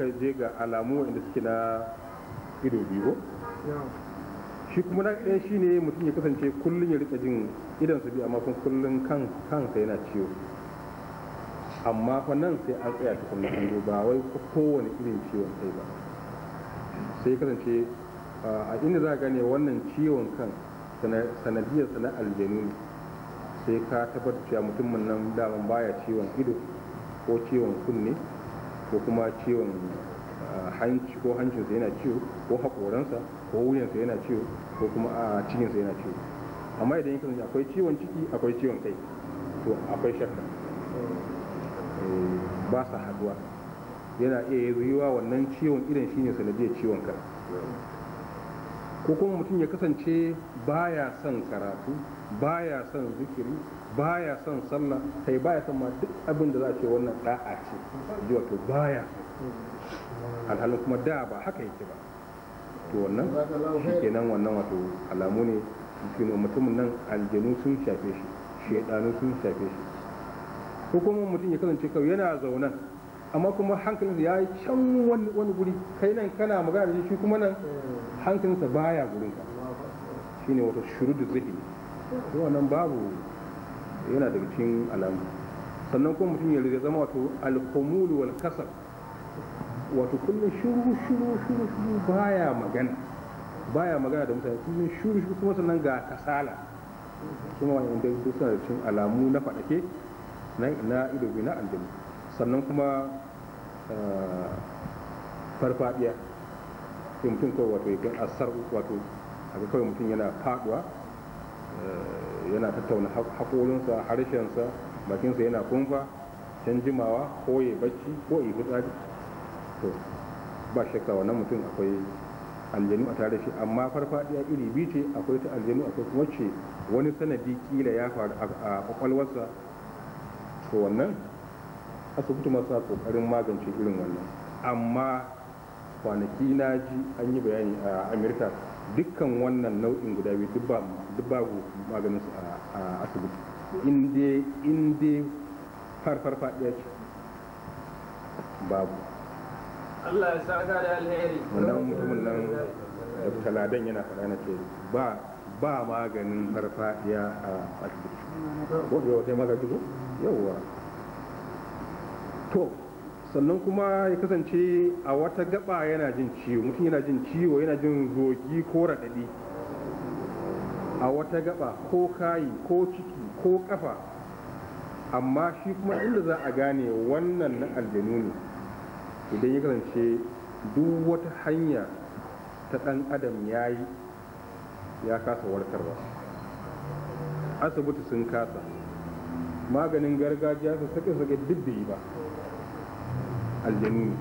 kai je ga alamu wanda suke na ido biyu shi kuma na ɗaya shi ne mutum ya kasance kullum ya rika jin idan su biyu amma kuma kullum kanka yana ciwo amma wannan sai an tsaya ta kuma hango ba wai kowane irin ciwon kai ba sai kasance a inda za gane wannan ciwon kan sanadiyar sana aljanu sai ka tabbatar cewa mutumin nan daman baya ciwon ido ko ciwon kunne ko kuma ciwon ah, hanci ko hancinsa yana ciwo ko haƙoransa ko wuyansa yana ciwo ko kuma a ah, cikinsa yana ciwo amma idan yankin akwai ciwon ciki akwai ciwon kai to akwai shakka eh, ba sa haduwa yana iya yiwuwa wannan ciwon irin shine sanadiyar ciwon kai ko kuma mutum ya kasance baya son karatu baya son zikiri baya son sallah sai baya son ma duk abin da za a ce wannan da'a ce zuwa wato baya alhalin kuma da ba haka yake ba to wannan shi nan wannan wato alamu ne mutumin nan aljanu sun shafe shi shaidanu sun shafe shi ko kuma mutum ya kasance kawai yana zaunan amma kuma hankalinsa ya yi can wani guri kai nan kana magana da shi kuma nan hankalinsa baya gurin ka shine wata shurudu zihni wannan babu yana daga cikin alamu sannan kuma mutum ya riga zama wato alkomulu wal kasar wato kullum shuru shuru shuru shuru baya magana baya magana da mutane kullum shuru shuru kuma sannan ga kasala kuma wani inda suna da cikin alamu na faɗake na ido na aljanna sannan kuma eh, farfadiya ke mutum kawai wato ya asar wato a ga kawai mutum yana faduwa eh, yana tattauna haƙorinsa harshensa bakinsa yana kumfa can jimawa ko ya bacci ko ya fitsari to ba shakka wannan mutum akwai aljanu a tare shi amma farfadiya iri biyu ce akwai ta aljanu akwai kuma ce wani sanadi kila ya faru a kwakwalwarsa to wannan asibiti masu kokarin magance irin wannan amma kwanaki na ji an yi bayani a amurka dukkan wannan nau'in guda biyu duk babu maganin su a asibiti inda dai farfar faɗiya ce babu Allah ya saka da alheri wannan mutumin nan taladan yana faɗa na ce ba ba maganin farfaɗiya a asibiti ko da wata maganin yawwa to sannan kuma ya kasance a wata gaba yana jin ciwo mutum yana jin ciwo yana jin zogi ko raɗaɗi a wata gaba ko kayi ko ciki ko ƙafa amma shi kuma inda za a gane wannan na aljanu ne idan ya kasance duk wata hanya ta ɗan adam ya yi ya kasa warkarwa asibiti sun kasa maganin gargajiya su sake sake duk da yi ba aljanu